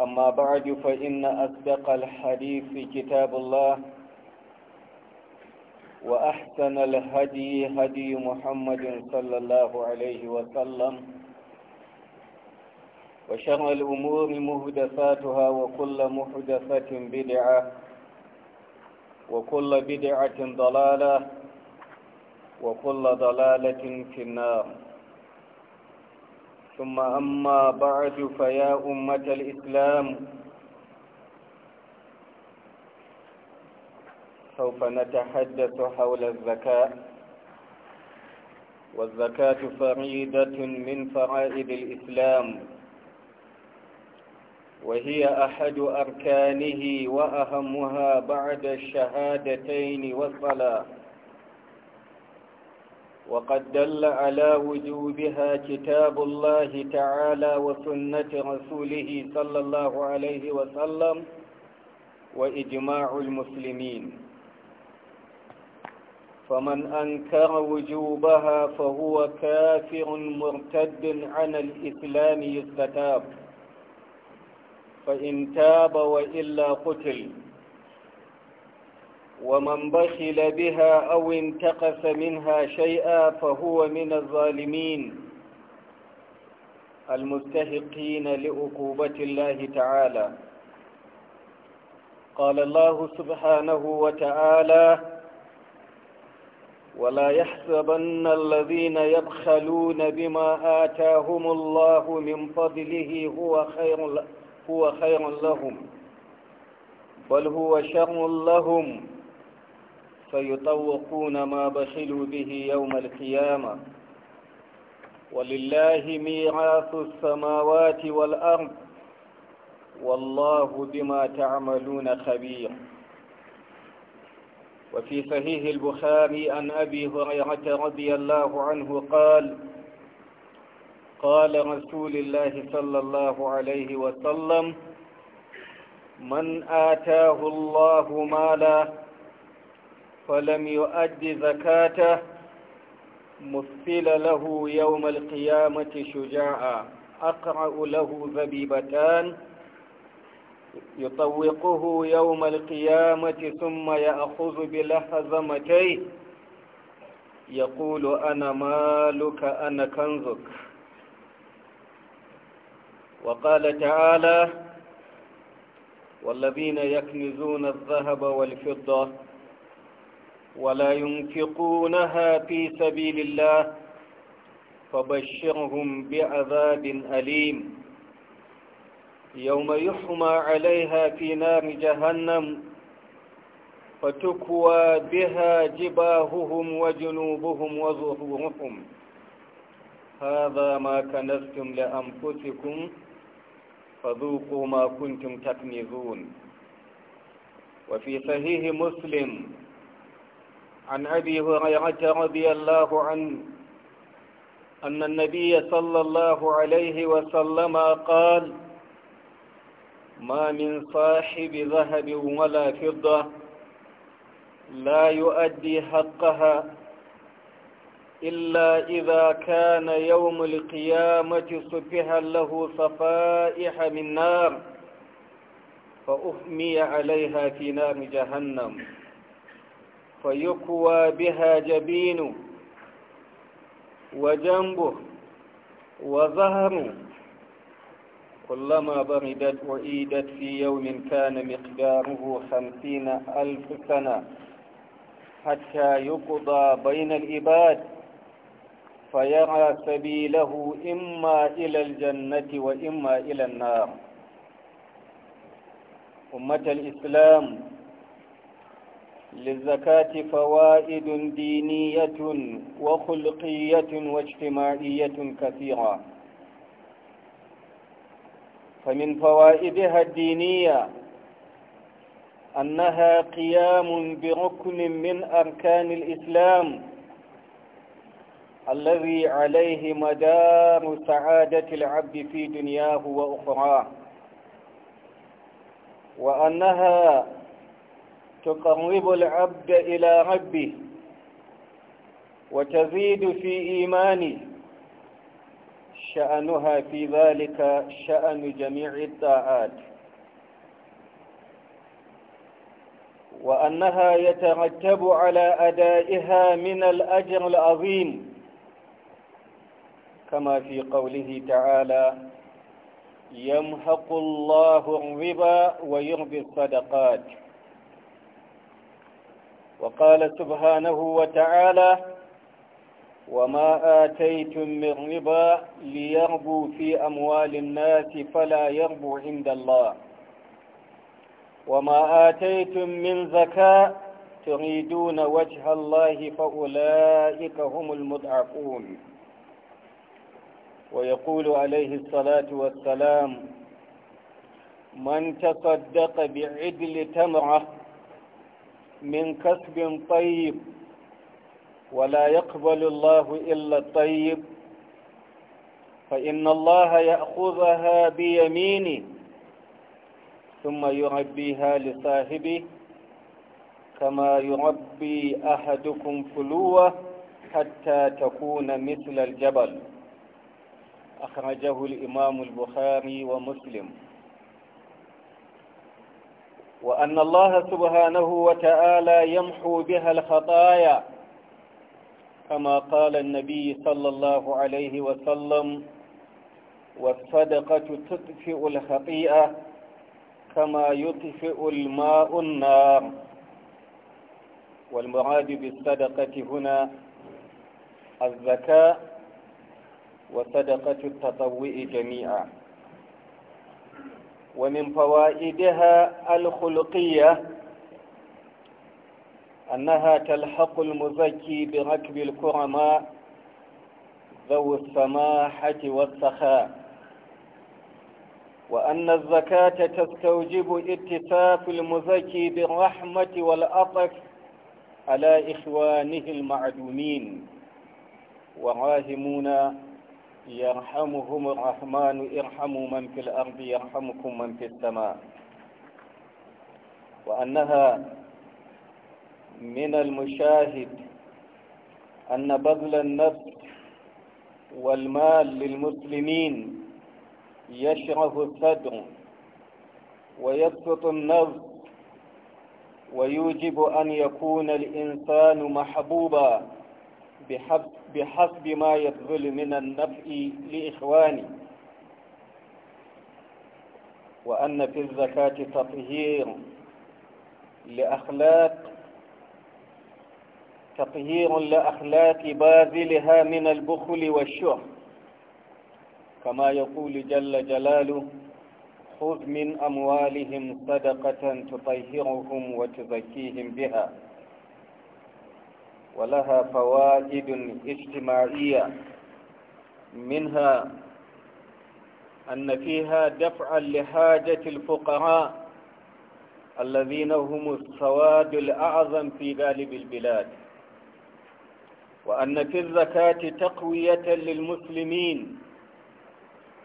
أما بعد فإن أصدق الحديث كتاب الله وأحسن الهدي هدي محمد صلى الله عليه وسلم وشر الأمور مهدفاتها وكل مهدفة بدعة وكل بدعة ضلالة وكل ضلالة في النار ثم أما بعد فيا أمة الإسلام سوف نتحدث حول الزكاة والزكاة فريدة من فرائد الإسلام وهي أحد أركانه وأهمها بعد الشهادتين والصلاة وقد دل على وجوبها كتاب الله تعالى وسنة رسوله صلى الله عليه وسلم وإجماع المسلمين فمن أنكر وجوبها فهو كافر مرتد عن الإسلام يستتاب فإن تاب وإلا قتل ومن بخل بها أو انتقص منها شيئا فهو من الظالمين المستحقين لعقوبة الله تعالى قال الله سبحانه وتعالى ولا يحسبن الذين يبخلون بما آتاهم الله من فضله هو خير, هو خير لهم بل هو شر لهم فيطوقون ما بخلوا به يوم القيامة ولله ميراث السماوات والأرض والله بما تعملون خبير وفي صحيح البخاري عن أبي هريرة رضي الله عنه قال قال رسول الله صلى الله عليه وسلم من آتاه الله مالا فلم يؤد زكاته مثل له يوم القيامة شجاعا أقرأ له زبيبتان يطوقه يوم القيامة ثم يأخذ بلحظمتيه يقول أنا مالك أنا كنزك وقال تعالى والذين يكنزون الذهب والفضة ولا ينفقونها في سبيل الله فبشرهم بعذاب أليم يوم يحمى عليها في نار جهنم فتكوى بها جباههم وجنوبهم وظهورهم هذا ما كنزتم لأنفسكم فذوقوا ما كنتم تكنزون وفي صحيح مسلم عن أبي هريرة رضي الله عنه أن النبي صلى الله عليه وسلم قال ما من صاحب ذهب ولا فضة لا يؤدي حقها إلا إذا كان يوم القيامة صفها له صفائح من نار فأفمي عليها في نار جهنم فيكوى بها جبينه وجنبه وظهره كلما بردت وإيدت في يوم كان مقداره خمسين ألف سنة حتى يقضى بين الإباد فيرى سبيله إما إلى الجنة وإما إلى النار أمة الإسلام للزكاة فوائد دينية وخلقية واجتماعية كثيرة فمن فوائدها الدينية أنها قيام بركن من أركان الإسلام الذي عليه مدار سعادة العبد في دنياه وأخراه وأنها تقرب العبد إلى ربه وتزيد في إيمانه شأنها في ذلك شأن جميع الطاعات وأنها يترتب على أدائها من الأجر العظيم كما في قوله تعالى يمحق الله الربا ويربي الصدقات وقال سبحانه وتعالى وما آتيتم من ربا ليربو في أموال الناس فلا يربو عند الله وما آتيتم من زكاة تريدون وجه الله فأولئك هم المضعفون ويقول عليه الصلاة والسلام من تصدق بعدل تمره من كسب طيب ولا يقبل الله إلا الطيب فإن الله يأخذها بيمينه ثم يربيها لصاحبه كما يربي أحدكم فلوة حتى تكون مثل الجبل أخرجه الإمام البخاري ومسلم وأن الله سبحانه وتعالى يمحو بها الخطايا كما قال النبي صلى الله عليه وسلم والصدقة تطفئ الخطيئة كما يطفئ الماء النار والمراد بالصدقة هنا الزكاة وصدقة التطوئ جميعا ومن فوائدها الخلقية أنها تلحق المزكي بركب الكرماء ذو السماحة والسخاء وأن الزكاة تستوجب اتساف المزكي بالرحمة والأطف على إخوانه المعدومين وراهمون يرحمهم الرحمن ارحموا من في الأرض يرحمكم من في السماء وأنها من المشاهد أن بذل النفس والمال للمسلمين يشرح الصدر ويبسط النفس ويوجب أن يكون الإنسان محبوبا بحبس بحسب ما يبذل من النفع لإخواني وأن في الزكاة تطهير لأخلاق تطهير لأخلاق باذلها من البخل والشح كما يقول جل جلاله خذ من أموالهم صدقة تطهرهم وتزكيهم بها ولها فوائد اجتماعية منها أن فيها دفعا لحاجة الفقراء الذين هم السواد الأعظم في غالب البلاد وأن في الزكاة تقوية للمسلمين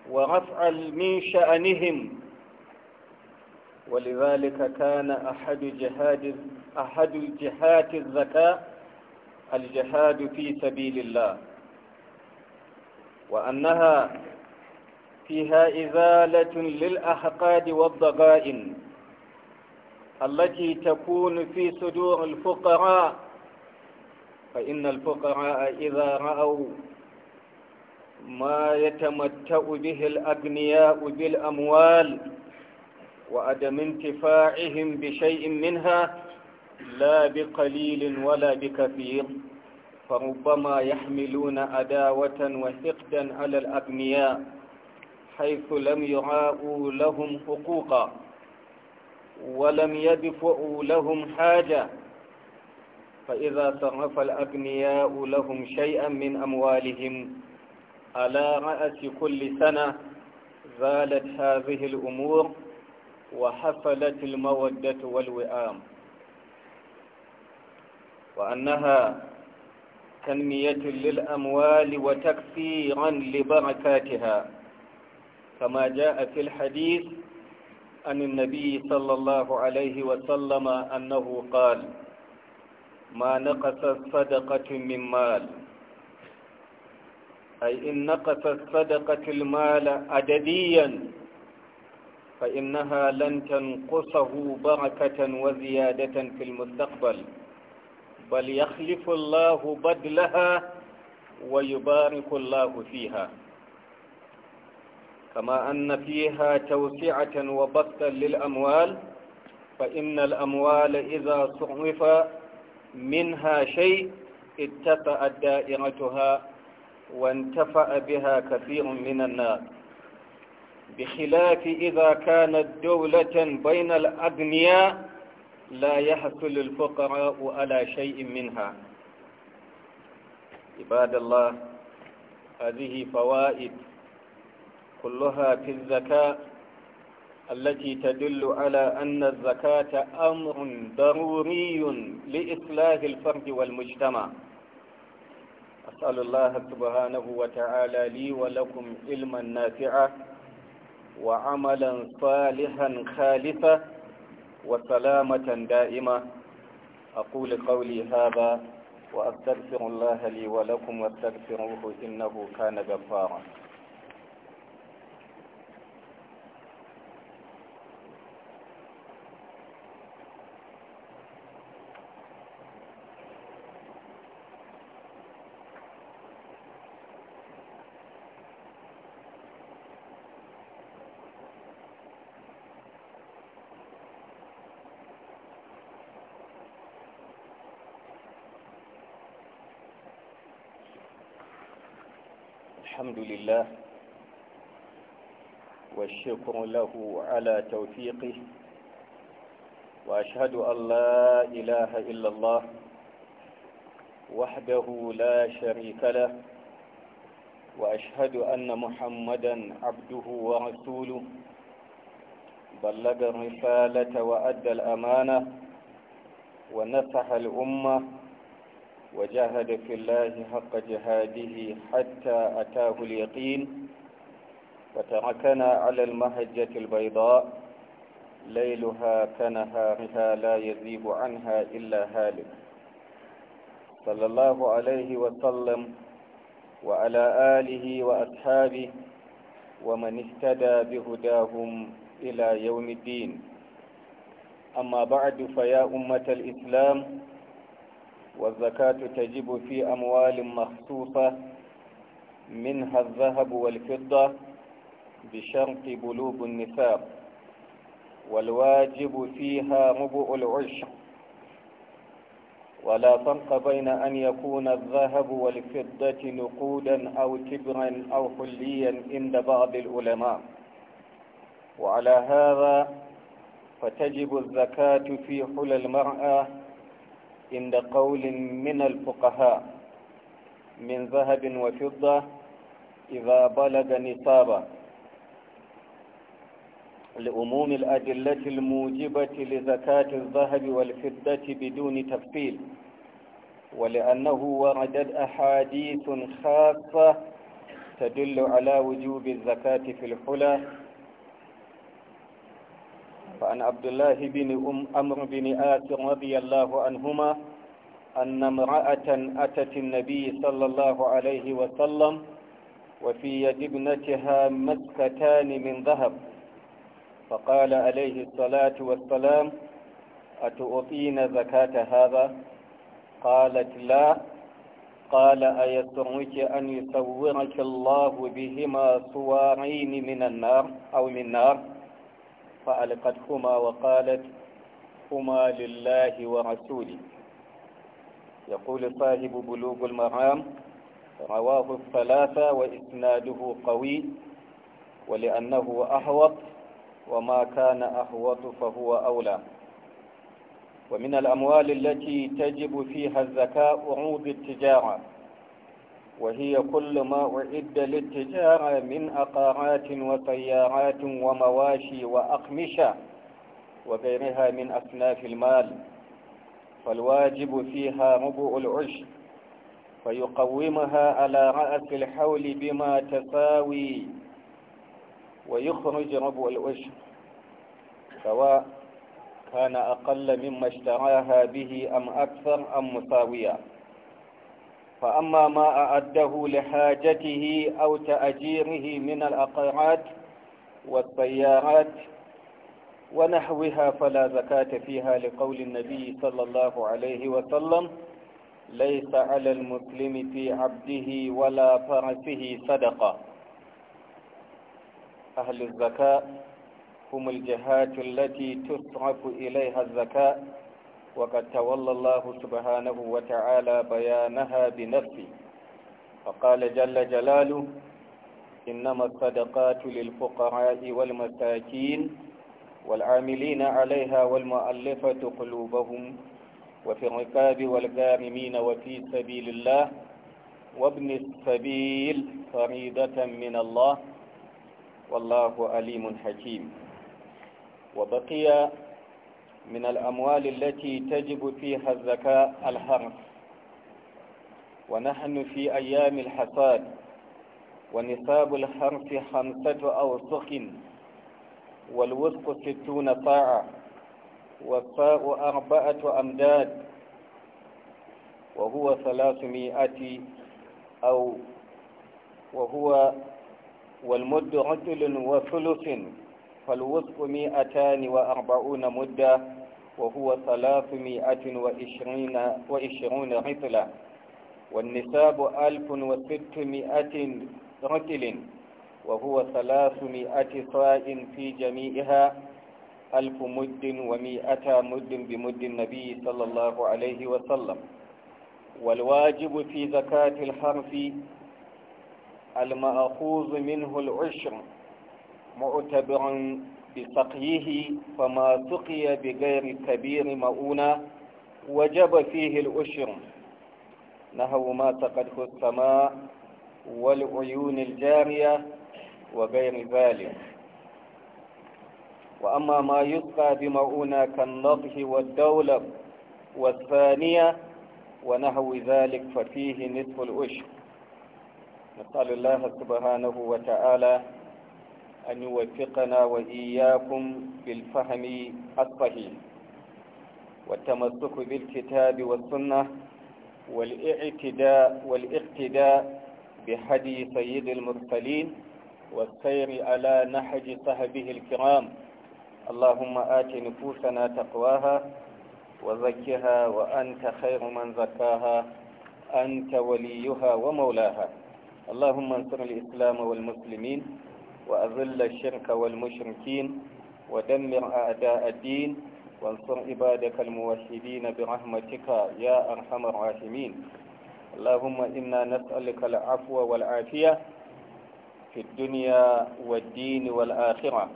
ورفعا من شأنهم ولذلك كان أحد جهاد أحد جهات الزكاة الجهاد في سبيل الله وأنها فيها إزالة للأحقاد والضغائن التي تكون في صدور الفقراء فإن الفقراء إذا رأوا ما يتمتع به الأغنياء بالأموال وعدم انتفاعهم بشيء منها لا بقليل ولا بكثير فربما يحملون عداوة وحقدا على الأغنياء حيث لم يعاءوا لهم حقوقا ولم يدفعوا لهم حاجة فإذا صرف الأغنياء لهم شيئا من أموالهم على رأس كل سنة زالت هذه الأمور وحفلت المودة والوئام وأنها تنمية للأموال وتكثيرا لبركاتها كما جاء في الحديث عن النبي صلى الله عليه وسلم أنه قال ما نقصت صدقة من مال أي إن نقصت صدقة المال عدديا فإنها لن تنقصه بركة وزيادة في المستقبل بل يخلف الله بدلها ويبارك الله فيها كما أن فيها توسعة وبسطا للأموال فإن الأموال إذا صرف منها شيء اتفأت دائرتها وانتفأ بها كثير من الناس بخلاف إذا كانت دولة بين الأغنياء لا يحصل الفقراء على شيء منها عباد الله هذه فوائد كلها في الزكاة التي تدل على أن الزكاة أمر ضروري لإصلاح الفرد والمجتمع أسأل الله سبحانه وتعالى لي ولكم علما نافعا وعملا صالحا خالفا وسلامة دائمة أقول قولي هذا وأستغفر الله لي ولكم واستغفروه إنه كان غفارا لله والشكر له على توفيقه وأشهد أن لا إله إلا الله وحده لا شريك له وأشهد أن محمدا عبده ورسوله بلغ الرسالة وأدى الأمانة ونصح الأمة وجاهد في الله حق جهاده حتى أتاه اليقين وتركنا على المهجة البيضاء ليلها كنهارها لا يزيب عنها إلا هالك صلى الله عليه وسلم وعلى آله وأصحابه ومن اهتدى بهداهم إلى يوم الدين أما بعد فيا أمة الإسلام والزكاة تجب في أموال مخصوصة منها الذهب والفضة بشرط بلوغ النساب والواجب فيها مبء العشر ولا فرق بين أن يكون الذهب والفضة نقودا أو تبرا أو حليا عند بعض العلماء وعلى هذا فتجب الزكاة في حلى المرأة عند قول من الفقهاء من ذهب وفضة إذا بلغ نصابا لأموم الأدلة الموجبة لزكاة الذهب والفضة بدون تفصيل ولأنه وردت أحاديث خاصة تدل على وجوب الزكاة في الحلى فعن عبد الله بن أم أمر بن آس رضي الله عنهما أن امرأة أتت النبي صلى الله عليه وسلم وفي يد ابنتها مسكتان من ذهب فقال عليه الصلاة والسلام أتؤطين زكاة هذا قالت لا قال أيسرك أن يصورك الله بهما صوارين من النار أو من نار فألقتهما وقالت هما لله ورسوله يقول صاحب بلوغ المرام رواه الثلاثة وإسناده قوي ولأنه أهوط وما كان أهوط فهو أولى ومن الأموال التي تجب فيها الزكاة عوض التجارة وهي كل ما أعد للتجارة من أقارات وسيارات ومواشي وأقمشة وغيرها من أصناف المال فالواجب فيها ربع العشر فيقومها على رأس الحول بما تساوي ويخرج ربع العشر سواء كان أقل مما اشتراها به أم أكثر أم مساوية فأما ما أعده لحاجته أو تأجيره من الأقارات والسيارات ونحوها فلا زكاة فيها لقول النبي صلى الله عليه وسلم ليس على المسلم في عبده ولا فرسه صدقة أهل الزكاة هم الجهات التي تصرف إليها الزكاة وقد تولى الله سبحانه وتعالى بيانها بنفسه فقال جل جلاله إنما الصدقات للفقراء والمساكين والعاملين عليها والمؤلفة قلوبهم وفي الركاب والغارمين وفي سبيل الله وابن السبيل فريدة من الله والله أليم حكيم وبقي من الأموال التي تجب فيها الزكاة الحرف ونحن في أيام الحصاد ونصاب الحرف خمسة أوسخ والوسق ستون صاعة والصاء أربعة أمداد وهو ثلاثمائة أو وهو والمد عدل وثلث فالوسط مئتان وأربعون مدة وهو ثلاثمائة وعشرين, وعشرون رطلة والنساب ألف وستمائة رطل وهو ثلاثمائة صاع في جميعها ألف مد ومائة مد بمد النبي صلى الله عليه وسلم والواجب في زكاة الحرف المأخوذ منه العشر معتبرا بسقيه فما سقي بغير كبير مؤونة وجب فيه الأشر نهو ما تقده السماء والعيون الجارية وغير ذلك وأما ما يسقى بمؤونة كالنضه والدولب والثانية ونهو ذلك ففيه نصف الأشر نسأل الله سبحانه وتعالى أن يوفقنا وإياكم بالفهم الصحيح والتمسك بالكتاب والسنة والاعتداء والاقتداء بهدي سيد المرسلين والسير على نهج صحبه الكرام اللهم آت نفوسنا تقواها وزكها وأنت خير من زكاها أنت وليها ومولاها اللهم انصر الإسلام والمسلمين وأذل الشرك والمشركين ودمر أعداء الدين وانصر عبادك الموحدين برحمتك يا أرحم الراحمين اللهم إنا نسألك العفو والعافية في الدنيا والدين والآخرة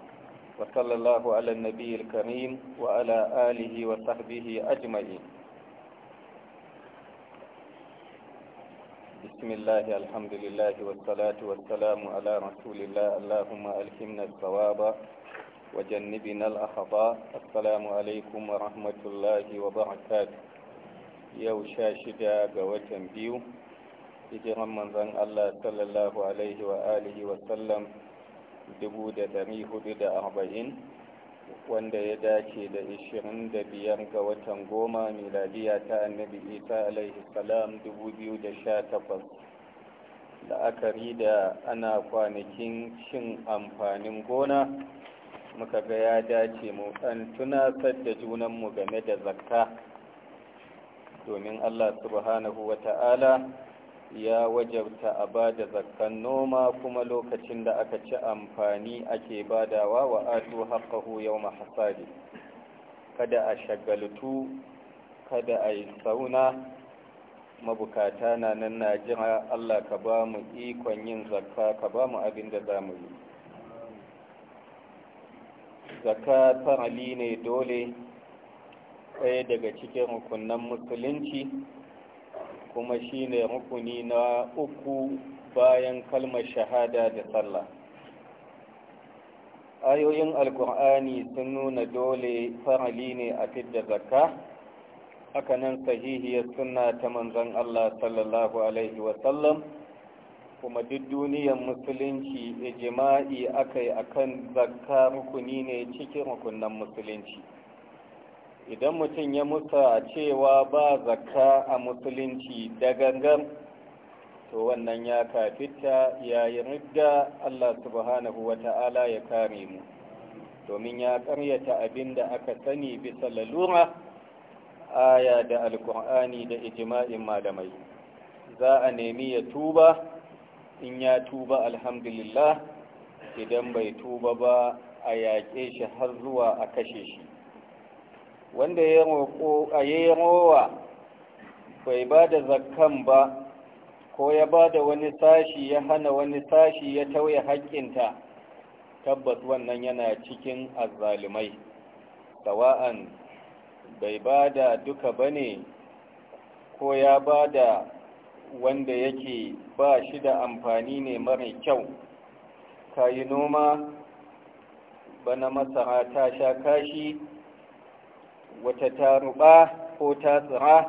وصلى الله على النبي الكريم وعلى آله وصحبه أجمعين بسم الله الحمد لله والصلاة والسلام على رسول الله اللهم ألهمنا الصواب وجنبنا الأخطاء السلام عليكم ورحمة الله وبركاته يو شاشدا قوتن بيو hijiran manzon Allah sallallahu alaihi wa alihi wa sallam arba'in wanda ya dace da 25 ga watan goma miladiya ta annabi isa alaihi salam 2018 la'akari da ana kwanakin cin amfanin gona muka ga ya dace mu ɗan tunasar da mu game da zakka domin allah subhanahu wa ta'ala ya wajabta a ba da zakkan noma kuma lokacin da aka ci amfani ake badawa wa atu haƙahu yau mahasari kada a shagaltu kada a yi sauna mabukata na nan na jira allah ka ba mu ikon yin zakka ka ba mu abin da za mu yi zakka farali ne dole ɗaya daga cikin rukunan musulunci kuma shine rukuni na uku bayan kalmar shahada da sallah ayoyin alkur'ani sun nuna dole farali ne a fidda zakka hakanan sahihiyar suna ta manzon Allah sallallahu alaihi wasallam kuma duk duniyar musulunci ijima'i yi a kan zakka rukuni ne cikin rukunan musulunci idan mutum ya musa cewa ba zakka a musulunci da gangan to wannan ya kafita yayin ridda Allah subhanahu wa ta'ala ya kare mu domin ya karyata abin da aka sani bisa lalura aya da alkur'ani da ijma'in malamai za a nemi ya tuba in ya tuba alhamdulillah idan bai tuba ba a yaƙe shi har zuwa a kashe shi wanda ya roƙo rowa bai ba da zakkan ba ko ya ba da wani sashi ya hana wani sashi ya tauye haƙƙinta tabbas wannan yana cikin azzalumai sawa'an bai ba da duka ba ne ko ya ba da wanda yake ba shi da amfani ne mara kyau ka yi noma bana masara ta sha kashi wata taruba ko ta tsira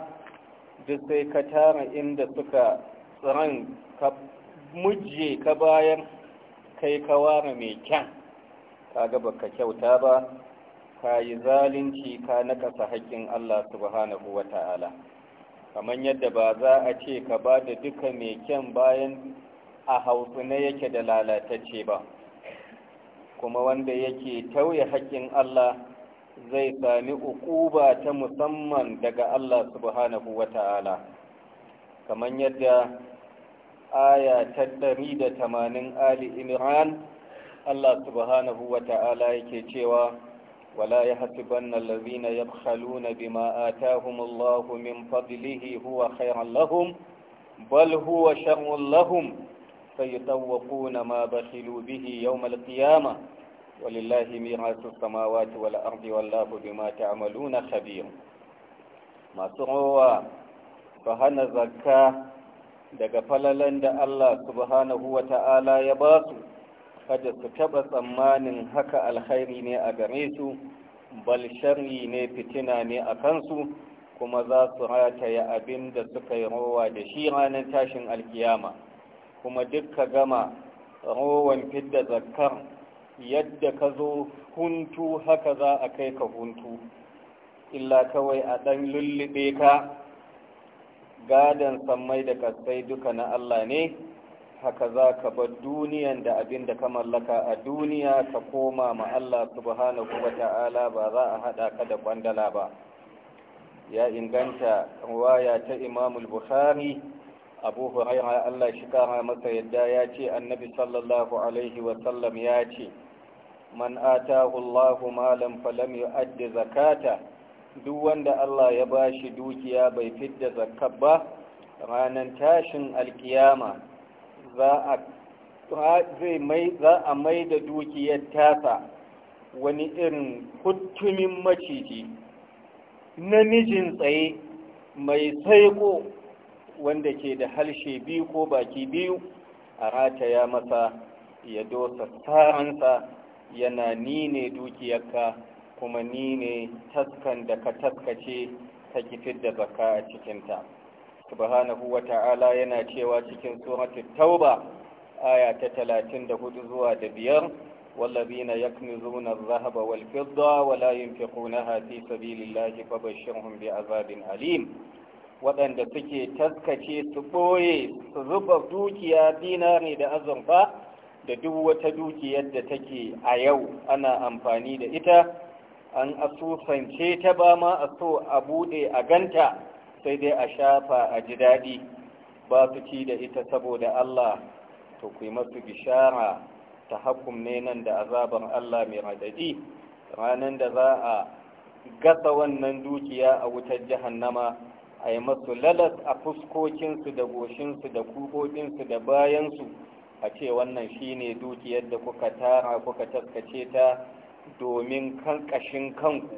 duk sai ka tara inda suka tsiran ka mujje ka bayan kai ka ware mai kyan kaga baka kyauta ba ka yi zalunci ka nakasa haƙƙin Allah subhanahu wa ta'ala kamar yadda ba za a ce ka ba da duka mai kyan bayan a hausu na yake da lalatacce ba kuma wanda yake tauye haƙƙin Allah zai sami ukuba ta musamman daga Allah subhanahu wa ta’ala kamar yadda aya ta tamanin ali imran Allah subhanahu wa ta’ala yake cewa wala ya hasi banna lalzina ya haluna bi ma’ata Allah min fadlihi huwa khairan lahum bal huwa sharrun lahum sai ma bakhilu bihi yawmal qiyamah ولله ميراث السماوات والأرض والله بما تعملون خبير ما سروا فهنا zakka daga falalen da Allah subhanahu wa ta'ala ya ba su kada su taɓa tsammanin haka alkhairi ne a gare su bal sharri ne fitina ne a kansu kuma za su rataya abin da suka yi rowa da shi ranar tashin alkiyama kuma dukka ka gama rowan fidda zakkar yadda ka zo huntu haka za a kai ka huntu illa kawai a ɗan lullube ka gadon sammai da kasai duka na Allah ne haka za ka bar duniyan da abin da ka mallaka a duniya ka koma ma Allah subhanahu wa ta'ala ba za a haɗa ka da ƙwandala ba ya inganta waya ta imamul bukhari abu huraira Allah shi kara masa yadda ya ce annabi sallallahu alaihi wasallam ya ce man atahu Allahu malam falam yu'addi zakata duk wanda Allah ya bashi dukiya bai fidda zakka ba ranan tashin alkiyama za a zai mai za a mai da dukiyar tasa wani irin kuttumin maciji namijin tsaye mai saiko wanda ke da halshe biyu ko baki biyu a rataya masa ya dosa tsaransa. yana ni ne dukiyarka kuma ni ne taskan da ka taskace ta kifid da zaka a cikinta subhanahu wa ta'ala yana cewa cikin suratul tauba aya ta talatin da hudu zuwa da biyar والذين يكنزون الذهب والفضة ولا ينفقونها في سبيل الله a zabin alim waɗanda suke taskace su ɓoye su zuba dukiya dinari da azurfa da duk wata dukiyar da take a yau ana amfani da ita an asusance ta ba ma a so a bude a ganta sai dai a shafa a ji daɗi ba su ci da ita saboda Allah to ku masu bishara ta hakum ne nan da azabar Allah mai radadi ranar da za a gasa wannan dukiya a wutar jahannama a yi masu lalas a fuskokinsu da goshinsu da kubobinsu da bayansu a ce wannan shine dukiyar da kuka tara kuka taskace ta domin kankashin kanku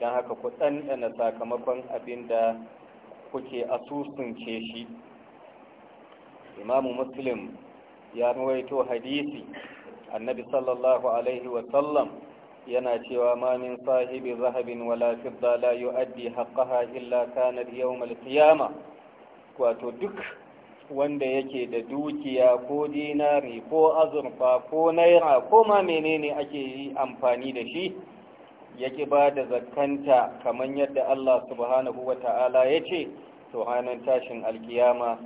don haka ku ɗanɗana sakamakon abin da kuke asusunce shi imamu muslim ya ruwaito hadisi annabi sallallahu alaihi wasallam yana cewa ma min sahibi zahabin wala fidda la yu'addi haqqaha illa kanat yawm al wato duk wanda yake da dukiya ko dinari ko azurfa ko naira ko ma menene ake yi amfani da shi yake ba da zakanta kamar yadda Allah subhanahu wa ta'ala ya ce to ranar tashin alkiyama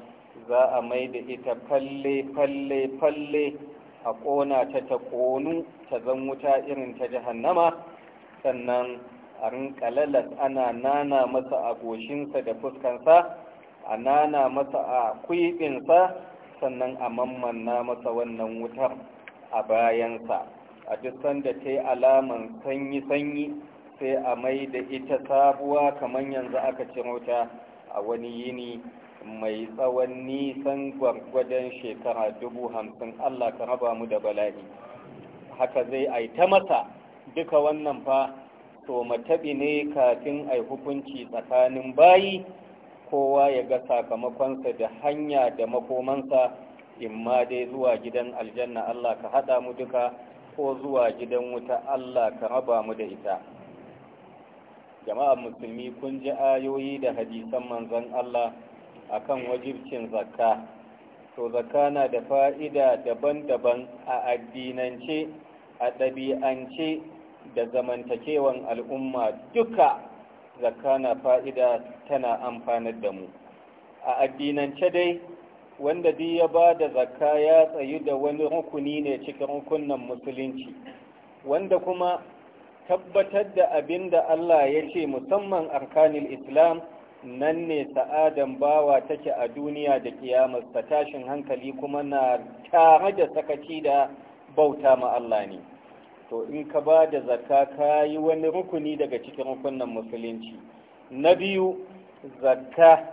za a mai da ita falle falle falle a ƙona ta ta konu ta zan wuta irin ta jahannama sannan a rinka ana nana masa a goshinsa da fuskansa a nana masa a kwiɗinsa sannan a mammanna masa wannan wutar a bayansa a duk sanda ta yi alaman sanyi-sanyi sai a mai da ita sabuwa kamar yanzu aka ciro ta a wani yini mai tsawon nisan gwargwadon shekara dubu hamsin Allah ka raba mu da bala'i haka zai aita masa duka wannan fa to matabi ne kafin ai hukunci tsakanin bayi kowa ya ga sakamakonsa da hanya da makomansa imma dai zuwa gidan aljanna Allah ka haɗa mu duka ko zuwa gidan wuta Allah ka raba mu da ita jama'a musulmi kun ji ayoyi da hadisan manzon Allah akan wajibcin zakka to zakka na da fa'ida daban-daban a addinance a ɗabi'ance da zamantakewan al'umma duka zakka na fa'ida tana amfanar da mu a addinance dai wanda duk ya ba da zakka ya tsayu da wani rukuni ne cikin rukunan musulunci wanda kuma tabbatar da abin da Allah ya ce musamman arkanil islam nan ne sa'adan bawa take a duniya da kiyamarsa tashin hankali kuma na tare da sakaci da bauta ma Allah ne to in ka ba da zakka ka yi wani rukuni daga cikin rukunan musulunci na biyu zakka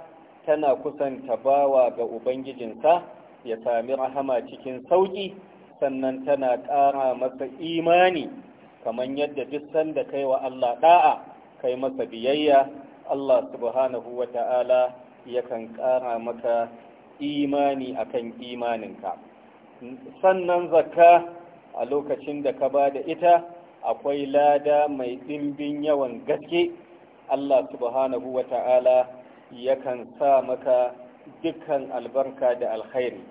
tana kusanta bawa ga ubangijinsa ya sami rahama cikin sauƙi sannan tana ƙara masa imani kamar yadda duk sanda kai wa Allah da'a kai masa biyayya Allah subhanahu wa ta'ala yakan ƙara maka imani akan imaninka sannan zakka a lokacin da ka ba da ita akwai lada mai ɗimbin yawan gaske Allah subhanahu wa ta'ala yakan sa maka dukkan albarka da alkhairi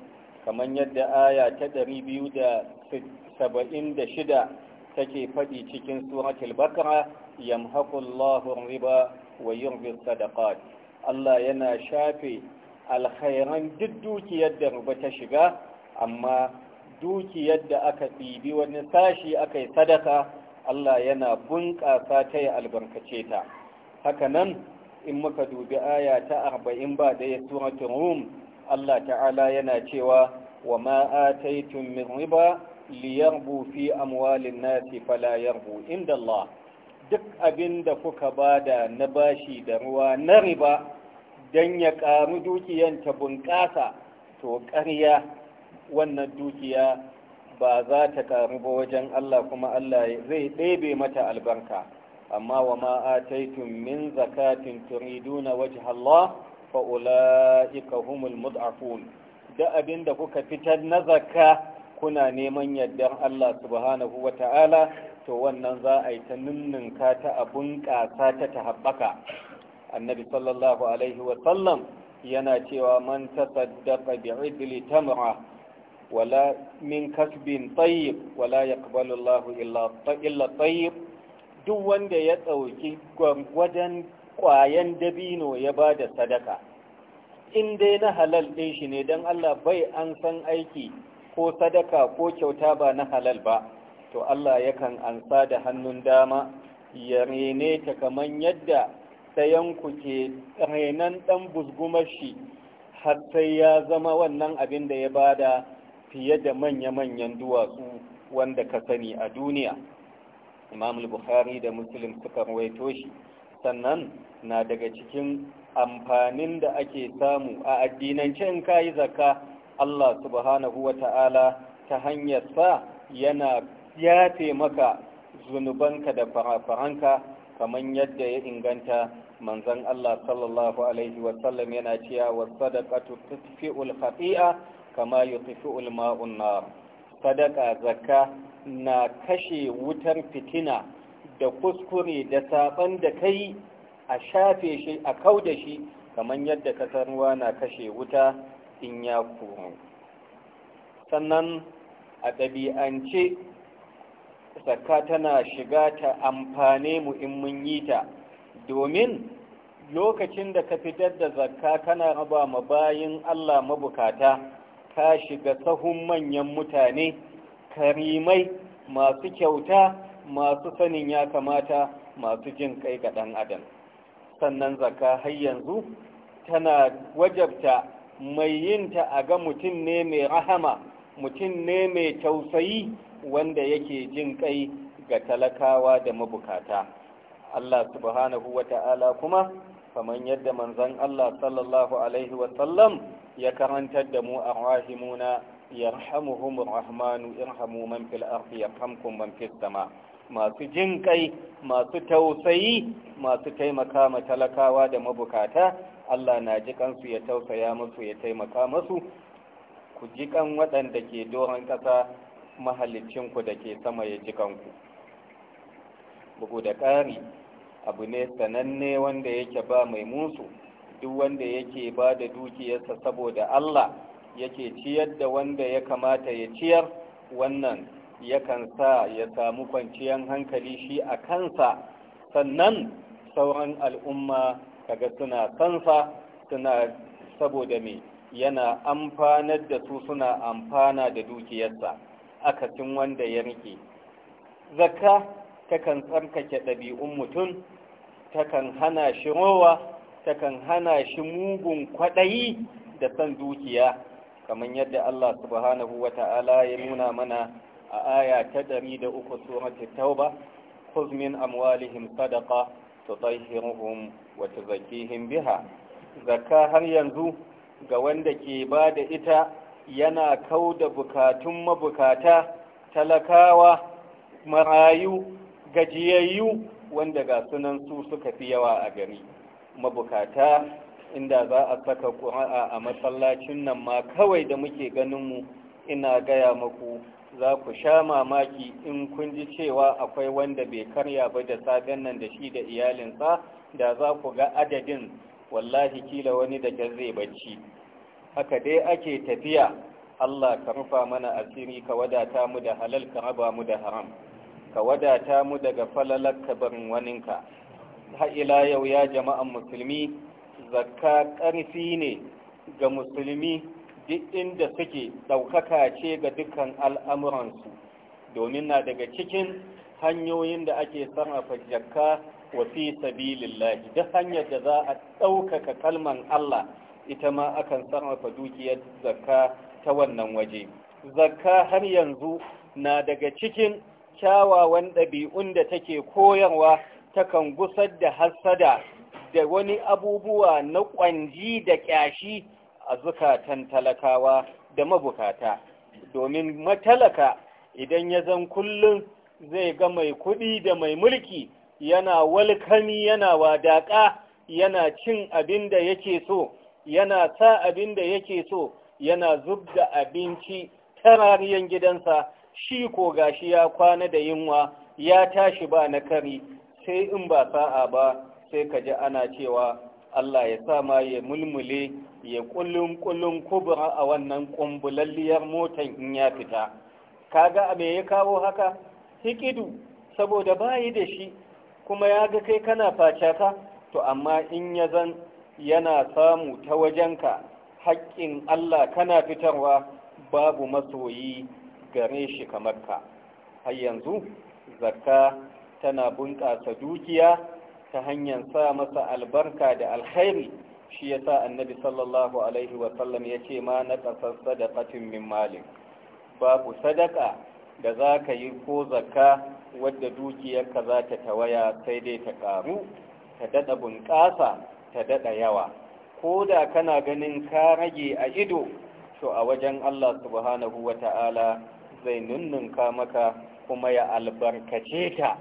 kamar yadda aya ta 276 take faɗi cikin suratul bakara yamhaqullahu riba wa yurbi sadaqat Allah yana shafe alkhairan duk dukiyar da ruba ta shiga amma dukiyar da aka ɗibi wani sashi aka yi sadaka Allah yana bunƙasa ta ya albarkace ta haka nan in muka dubi aya ta arba'in ba da ya suratun rum Allah ta'ala yana cewa wa ma'ataitun min riba liyarbu fi amwalin nasi fala yarbu inda Allah duk abin da kuka da na bashi da ruwa na riba don ya ƙaru dukiyan ta bunƙasa to ƙarya wannan dukiya ba za ta ƙaru ba wajen Allah kuma Allah zai ɗebe mata albarka amma wa ma min zakatin turiduna wajha Allah fa ulaika humul mud'afun da abinda kuka fitar na zakka kuna neman yardar Allah subhanahu ta'ala to wannan za a yi ta ninninka ta abun ƙasa ta ta haɓaka annabi sallallahu alaihi wasallam yana cewa man tasaddaqa bi'idli tamra wala min kasbin tayyib wala yaqbalu Allahu illa illa tayyib duk wanda ya tsauki gwangwadan ƙwayan dabino ya ba da sadaka in dai na halal ɗin shi ne don Allah bai an san aiki ko sadaka ko kyauta ba na halal ba to Allah yakan ansa da hannun dama ya rene ta kamar yadda ku ke renan ɗan buzgumar shi har sai ya zama wannan abin da ya bada fiye da manya-manyan duwatsu wanda ka sani a duniya imam bukhari da muslim suka rawaito shi sannan na daga cikin amfanin da ake samu a addinancin in kayi zakka Allah subhanahu wa ta'ala ta hanyar sa yana yafe maka zunubanka da faranka kamar yadda ya inganta manzon Allah sallallahu alaihi wasallam yana cewa wasadaqatu tudfi'ul khati'a kama yutfi'ul ma'un nar sadaka zakka na kashe wutar fitina da kuskure da saban da kai a shafe shi a kau da shi kamar yadda kasarwa ruwa na kashe wuta in ya kuru sannan a ɗabi'ance zakka tana shiga ta amfane mu in mun yi ta domin lokacin da ka fitar da zakka kana raba ma bayin Allah mabukata ka shiga sahun manyan mutane karimai masu kyauta masu sanin ya kamata masu jin kai ga ɗan adam sannan zaka har yanzu tana wajabta mai yinta a ga mutum ne mai rahama mutum ne mai tausayi wanda yake jin kai ga talakawa da mabukata Allah subhanahu wa ta'ala kuma kamar yadda manzon Allah sallallahu alaihi wasallam ya karantar da mu arrahimuna yarhamuhumur rahmanu irhamu man fil ardi yarhamkum man fis sama masu jin kai masu tausayi masu taimaka ma talakawa da mabukata Allah na ji kansu ya tausaya musu ya taimaka musu ku ji kan waɗanda ke doron ƙasa mahalicinku da ke sama ya ji kanku bugu da ƙari abu ne sananne wanda yake ba mai musu duk wanda yake ba da dukiyarsa saboda Allah yake ciyar da wanda ya kamata ya ciyar wannan yakan sa ya samu kwanciyar hankali shi a kansa sannan sauran al'umma kaga suna sansa suna saboda mai yana amfanar da su suna amfana da dukiyarsa akasin wanda ya rike Zaka takan tsarkake ɗabi'un mutum takan hana shirowa. takan hana shi mugun kwaɗayi da san dukiya kamar yadda Allah subhanahu wa ta'ala ya nuna mana a aya ta ɗari da uku suratul tauba khudh min amwalihim ta tutahhiruhum wata tuzakkihim biha zakka har yanzu ga wanda ke ba da ita yana kau da bukatun mabukata talakawa marayu gajiyayyu wanda ga sunan su suka fi yawa a gari mabukata inda za a saka ƙura'a a masallacin nan ma kawai da muke ganinmu ina gaya maku za ku sha mamaki in kun ji cewa akwai wanda bai karya ba da safen nan da shi da iyalinsa da za ku ga adadin wallahi kila wani da gazai zai bacci haka dai ake tafiya Allah ka rufa mana asiri ka wadata mu da halal ka raba mu da haram ka wadata mu daga falalar kabarin waninka ila yau ya jama'an musulmi zakka ƙarfi ne ga musulmi duk inda suke ɗaukaka ce ga dukkan al'amuransu domin na daga cikin hanyoyin da ake sarrafa jakka wasi sabilin sabilillahi duk hanyar da za a ɗaukaka kalman Allah ita ma akan sarrafa dukiyar zakka ta wannan waje zakka har yanzu na daga cikin kyawawan ɗabi'un da take koyarwa takan gusar da hassada da wani abubuwa na ƙwanji da ƙyashi a zukatan talakawa da mabukata domin matalaka idan ya zan kullum zai ga mai kuɗi da mai mulki yana walkami yana wadaƙa yana cin abin da yake so yana sa abin da yake so yana zub da abinci tarariyan gidansa shi ko gashi ya kwana da yunwa ya tashi ba na kari sai in ba sa'a ba sai ka ji ana cewa Allah ya sa ma ya mulmule ya kullun kullun kubra a wannan kumbulalliyar motan in ya fita Ka ga me ya kawo haka hikidu saboda bayi da shi kuma ya ga kai kana ka? to amma in ya zan yana samu ta wajenka haƙƙin Allah kana fitarwa babu masoyi gare shi kamar ka har yanzu zakka tana bunƙasa dukiya ta hanyar sa masa albarka da alkhairi shi ya sa annabi sallallahu alaihi wasallam ya ce ma na ƙasar sadakatin min malin babu sadaka da za ka yi ko zakka wadda dukiyarka za ta tawaya sai dai ta ƙaru ta daɗa bunƙasa ta daɗa yawa ko da kana ganin ka rage a ido to a wajen Allah subhanahu wa ta'ala zai nunnunka maka kuma ya albarkace ta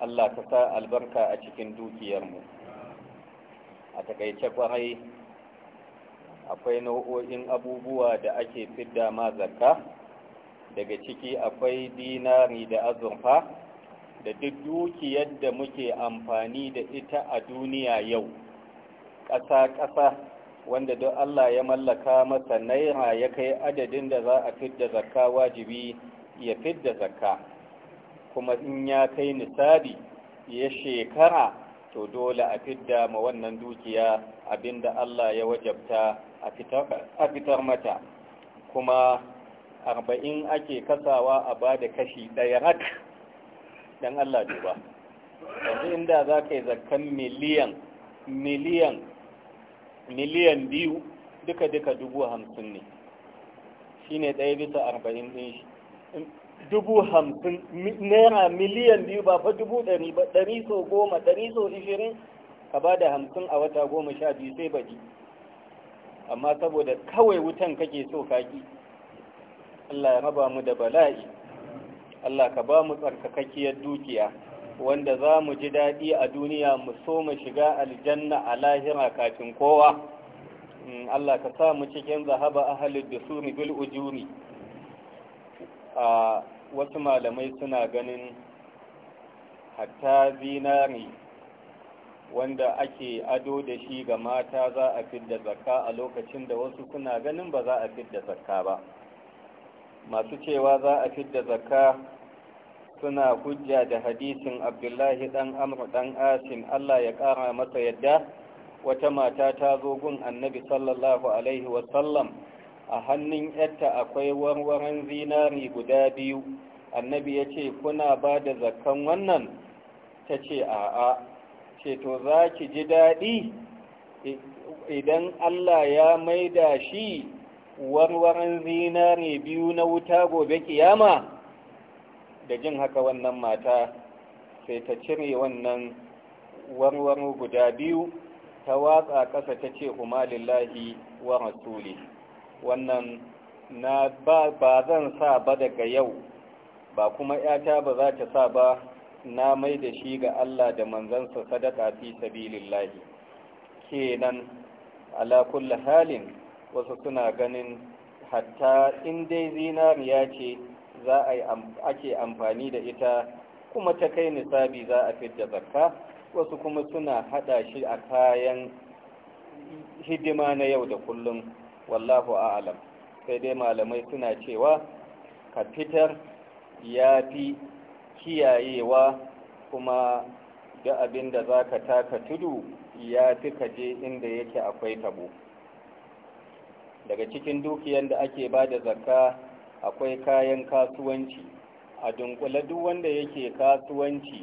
Allah ta sa albarka a cikin dukiyarmu a takaice kwarai akwai nau'o'in abubuwa da ake fidda ma zakka daga ciki akwai dinari da azurfa da duk dukiyar da muke amfani da ita a duniya yau ƙasa-ƙasa wanda duk Allah ya mallaka masa naira ya kai adadin da za a fidda zakka wajibi ya fidda zakka kuma in ya kai nisabi ya shekara to dole a fidda ma wannan dukiya abinda Allah ya wajabta a fitar mata kuma arba'in ake kasawa a ba da kashi ɗaya rak don Allah duba yanzu inda za ka yi zakan miliyan miliyan miliyan biyu duka-duka dubu hamsin ne shi ne ɗaya bisa arba'in ɗin shi dubu hamsin naira miliyan biyu ba fa dubu ɗari ba ɗari so goma ɗari so ishirin ka ba da hamsin a wata goma sha biyu sai baɗi amma saboda kawai wutan kake so kaki Allah ya raba mu da bala'i Allah ka ba mu tsarkakakkiyar dukiya wanda za mu ji daɗi a duniya mu so mu shiga aljanna a lahira kafin kowa mm, Allah ka sa mu cikin zahaba ahalin da suri bil ujuri a wasu malamai suna ganin hatta zinari wanda ake ado da shi ga mata za a fidda zakka a lokacin da wasu suna ganin ba za a fidda zakka ba masu cewa za a fidda zakka suna hujja da hadisin abdullahi dan amr dan asim allah ya kara masa yadda wata mata ta zo gun annabi sallallahu alaihi wasallam a hannun yatta akwai warwaran zinari guda biyu annabi ya ce kuna ba da zakan wannan ta ce a'a ce to za ki ji daɗi idan allah ya maida shi warwaran zinari biyu na wuta gobe kiyama da jin haka wannan mata sai ta cire wannan warwaro guda biyu ta watsa ƙasa ta ce kuma wa rasuli wannan na ba zan sa ba daga yau ba kuma yata ba za ta sa ba na mai da shi ga Allah da manzansa sadaka fi sabilillahi kenan ala halin wasu suna ganin hatta in dai zinariya ce za a ake amfani da ita kuma ta kai nisabi za a da zakka wasu kuma suna hada shi a kayan hidima na yau da kullum wallahu a'lam sai dai malamai suna cewa ka fitar ya fi kiyayewa kuma da abin da za ka taka tudu ya fi je inda yake akwai tabo daga cikin dukiyar da ake ba da zakka akwai kayan kasuwanci a dunkule duk wanda yake kasuwanci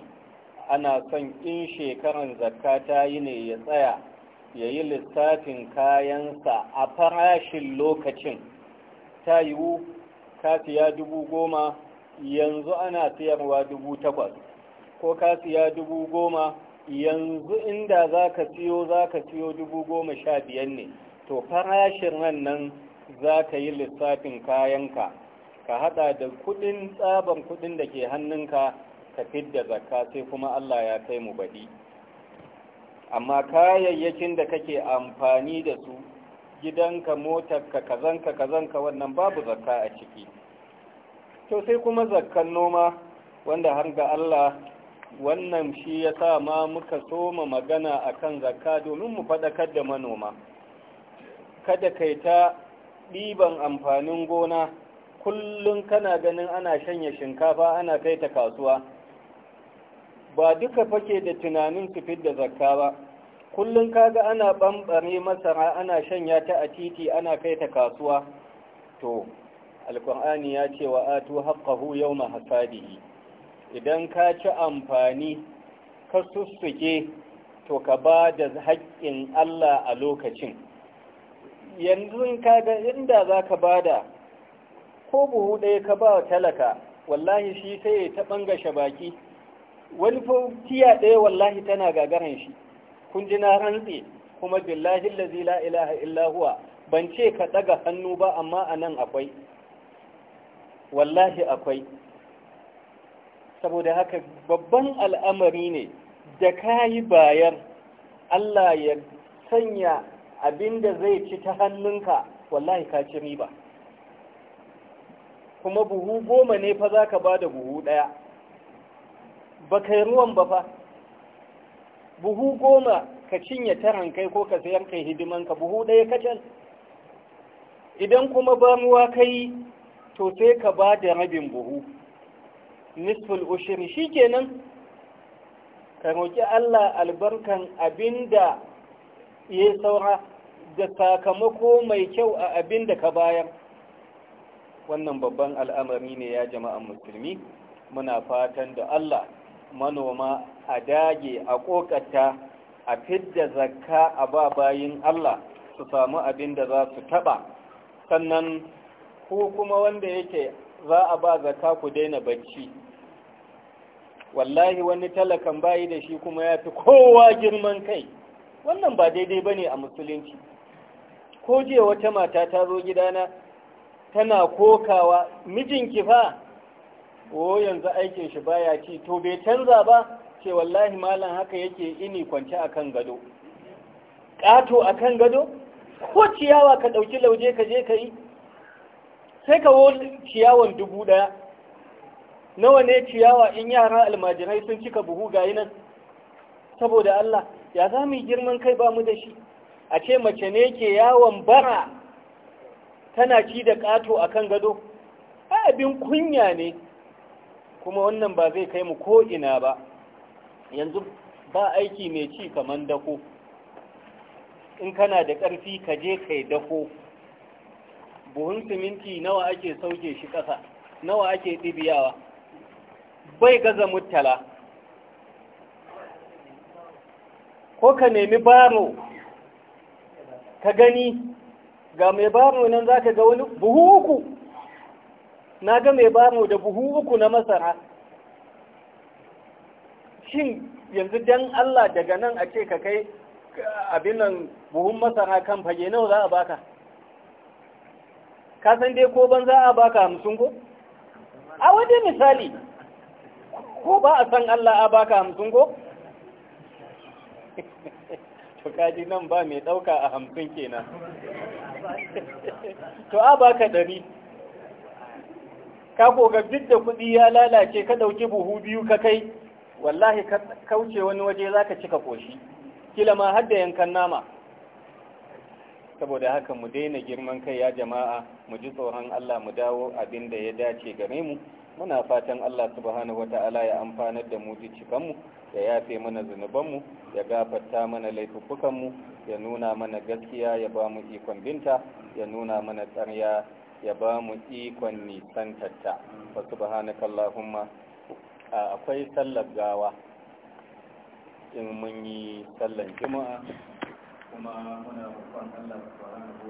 ana son in shekaran zakka ta yi ne ya tsaya ya yi lissafin kayansa a farashin lokacin ta yiwu kasiya dubu goma yanzu ana siyarwa dubu takwas ko kasiya dubu goma yanzu inda za ka siyo za ka siyo dubu goma sha biyan ne to farashin wannan za ka yi lissafin kayanka ka hada da kudin tsabar kudin da ke hannunka ka fidda zakka sai kuma allah ya kai mu baɗi amma kayayyakin da kake amfani da su gidanka motarka kazanka kazanka wannan babu zakka a ciki to sai kuma zakkan noma wanda har ga Allah wannan shi ya sa ma muka soma magana akan zakka domin mu faɗakar da manoma kada kai ta ɗiban amfanin gona kullum kana ganin ana shanya shinkafa ana kai ta kasuwa ba duka fake da tunanin su fidda zakka ba kullum kaga ana bambare masara ana shanya ta a titi ana kai ta kasuwa to alkur'ani ya ce wa atu haqqahu yawma hasadihi idan ka ci amfani ka sussuke to ka ba da haƙƙin Allah a lokacin yanzu ka ga inda zaka ka ba da ko buhu ɗaya ka ba talaka wallahi shi sai ya ta ɓangashe baki wani fautiya ɗaya wallahi tana gagaran shi kun ji na rantse kuma billahi allazi la ilaha huwa ban ce ka ɗaga hannu ba amma a nan akwai wallahi akwai saboda haka babban al'amari ne da ka yi bayar Allah ya sanya abin da zai ci ta hannunka wallahi ka ci riba kuma buhu goma ne fa za ka ba da buhu ɗaya ba kai ruwan ba fa buhu goma ka cinye taran kai ko ka sayar kai hidimanka buhu ɗaya kacal idan kuma ba muwa kai to sai ka ba da rabin buhu nisful ushiri kenan ka roƙi Allah albarkan abin da ya saura da sakamako mai kyau a abin da ka bayar wannan babban al'amari ne ya jama'an musulmi muna fatan da Allah manoma a dage a ƙoƙata, a fidda zakka a ba bayin Allah su samu abin da za su taɓa, sannan ko kuma wanda yake za a ba zakka ku daina bacci wallahi wani talakan bayi da shi kuma ya fi kowa girman kai wannan ba daidai ba ne a musulunci ko je wata mata ta zo gidana tana kokawa mijinki fa o yanzu aikin shi baya ci to bai canza ba ce wallahi malam haka yake ini kwance akan gado ƙato akan gado ko ciyawa ka ɗauki lauje ka je ka yi sai ka wo ciyawan dubu ɗaya nawa ne ciyawa in yara almajirai sun cika buhu gayi nan saboda Allah ya za mu girman kai ba mu da shi a ce mace ne ke yawon bara tana ci da ƙato akan gado abin kunya ne kuma wannan ba zai kai mu ko'ina ba yanzu ba aiki mai ci kaman dako in kana da ƙarfi ka je kai dako buhun siminti nawa ake sauke shi ƙasa nawa ake ɗibiyawa bai gaza mutala ko ka nemi baro ka gani ga mai baro nan za ka ga wani buhu uku na ga mai bamu da buhu uku na masara shin yanzu dan Allah daga nan a ce ka kai abin nan buhun masara kan fage nawa za a baka ka san dai ko ban za a baka hamsin ko a waje misali ko ba a san Allah a baka hamsin ko to kaji nan ba mai ɗauka a hamsin kenan to a baka ɗari ka koga duk da kuɗi ya lalace ka ɗauki buhu biyu ka kai wallahi ka kauce wani waje za ka cika koshi kila ma har da yankan nama saboda haka mu daina girman kai ya jama'a mu ji tsoron Allah mu dawo abin da ya dace gare mu muna fatan Allah subhanahu wata'ala ya amfanar da mu mu ya yafe mana zunubanmu ya gafarta mana mu ya nuna mana gaskiya ya ba mu ikon binta ya nuna mana tsarya ya ba mu ikon nisantarta wa subhanaka Allahumma akwai sallar gawa in mun yi sallar juma'a kuma muna roƙon Allah subhanahu